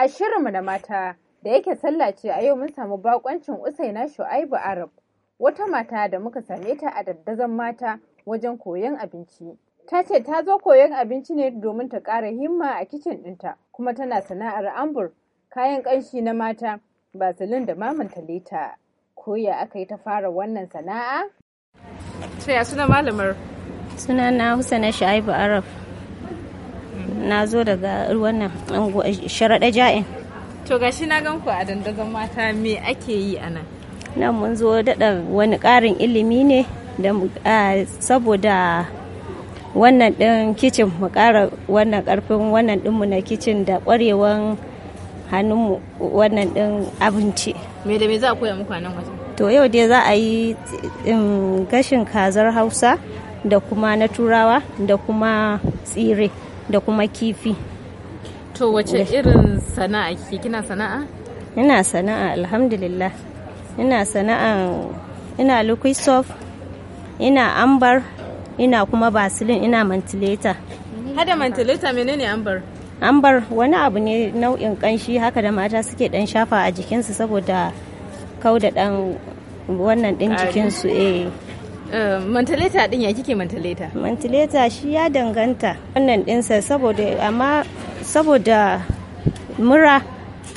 A shirinmu na mata da yake sallah ce a yau mun samu bakoncin Usaina Shu'aibu Arab, wata mata da muka same ta a daddazan mata wajen koyon abinci. Ta ce ta zo koyon abinci ne domin ta ƙara himma a kicin ɗinta, kuma tana sana'ar ambur, kayan ƙanshi na mata, basilin da mamanta leta. Koya aka yi ta fara wannan sana'a? suna malamar? Suna na Husaina Shu'aibu Arab. na zo daga wannan sharaɗa ja'in to ga shi na gan ku a dandazon mata me ake yi a nan nan mun zo daɗa wani ƙarin ilimi ne da saboda wannan ɗin kicin mu ƙara wannan ƙarfin wannan ɗinmu na kicin da ƙwarewan hannunmu wannan ɗin abinci me da me za a koya muku a nan wajen to yau dai za a yi um, gashin kazar hausa da kuma na turawa da kuma tsire da kuma kifi to wace irin sana'a ke kina sana'a ina sana'a alhamdulillah ina sana'a ina lukwisof ina ambar ina kuma basilin ina mantileta hada mantileta menene ambar ambar wani abu ne nau'in kanshi haka da mata suke dan shafa a jikinsu saboda kau da dan wannan din jikinsu eh Eh, mantaleta din ya kike mantaleta mantaleta shi ya danganta wannan dinsa saboda amma saboda mura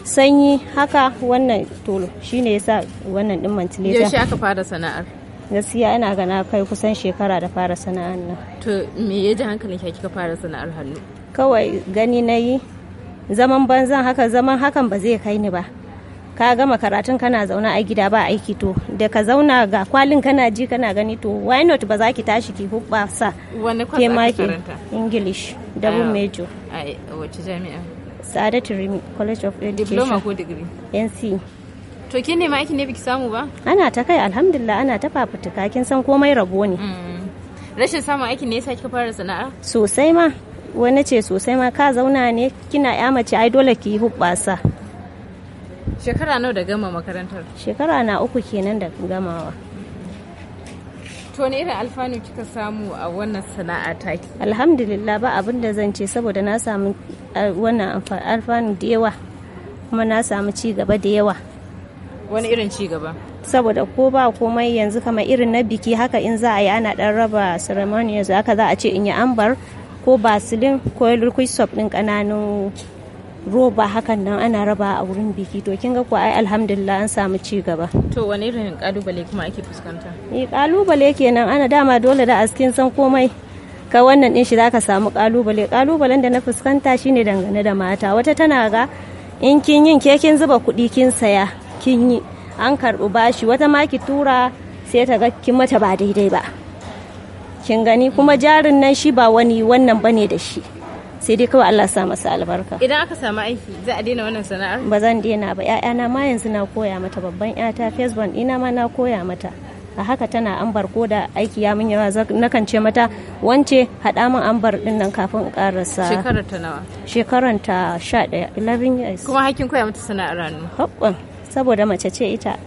sanyi haka wannan tolo shine yasa wannan din mantaleta yaushe aka fara sana'ar gaskiya ina gana kai kusan shekara da fara sana'ar nan to me ya ji hankalin ki kika fara sana'ar hannu kawai gani na yi zaman banzan haka zaman hakan ba zai kai ni ba ka gama karatun kana zauna a gida ba aiki to da ka zauna ga kwalin kana ji kana gani to why not ba za ki tashi ki hubba sa wani kwas karanta english ah. double major a wace jami'a Sa'adatu Rimi College of Education diploma ko degree NC to ki nema aiki ne biki samu ba ana ta kai alhamdulillah ana ta fafutuka kin san komai rabo ne mm. rashin samun aiki ne yasa kika fara sana'a sosai ma wani ce sosai ma ka zauna ne kina ya mace ai dole ki hubbasa Shekara nawa da gama makarantar? Shekara na uku kenan da gamawa. To ne irin alfanu kika samu a wannan sana'a taki? Alhamdulillah ba abin da zan ce saboda na samu eh, wannan alfanu da yawa kuma na samu ci gaba da yawa. Wani irin ci gaba? Saboda ko ba komai yanzu kamar irin na biki haka in za a yi ana dan raba ceremony yanzu haka za a ce in yi ambar ko basilin ko lukuisop din kananun roba hakan nan ana raba a wurin biki to kin ga ko ai alhamdulillah an samu ci gaba to wani irin kalubale kuma ake fuskanta eh kalubale kenan ana dama dole da askin san komai ka wannan din shi zaka samu kalubale kalubalen da na fuskanta shine dangane da mata wata tana ga in kin yin ke zuba kuɗi kin saya kin yi an karɓi bashi wata ma ki tura sai ta ga kin mata ba daidai ba kin gani kuma jarin nan shi ba wani wannan bane da shi sai dai kawai Allah sa masa albarka idan aka samu aiki za a daina wannan sana'ar ba zan daina ba ƴaƴana ma yanzu na koya mata babban ƴata facebook ina ma na koya mata a haka tana ambar ko da aiki ya mun yawa nakan ce mata wance haɗa min ambar din nan kafin in karasa shekarar ta nawa shekarar ta 11 11 years kuma hakin koya mata sana'ar hannu hakkon saboda mace ce ita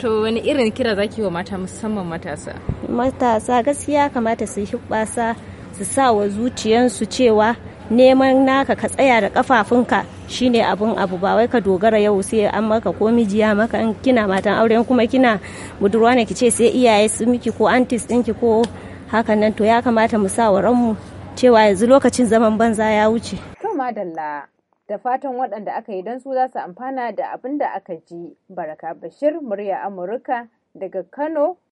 to wani irin kira zaki wa mata musamman matasa matasa gaskiya kamata su yi hubbasa su sa wa zuciyansu cewa neman naka ka tsaya da kafafunka shine abun abu ba wai ka dogara yau sai an maka ko mijiya maka kina matan aure kuma kina budurwa ne ki ce sai iyaye su miki ko antis dinki ko hakan nan to ya kamata mu sa wa mu cewa yanzu lokacin zaman banza ya wuce. To madalla da fatan waɗanda aka yi dan su za su amfana da abin da aka ji. Baraka Bashir murya Amurka daga Kano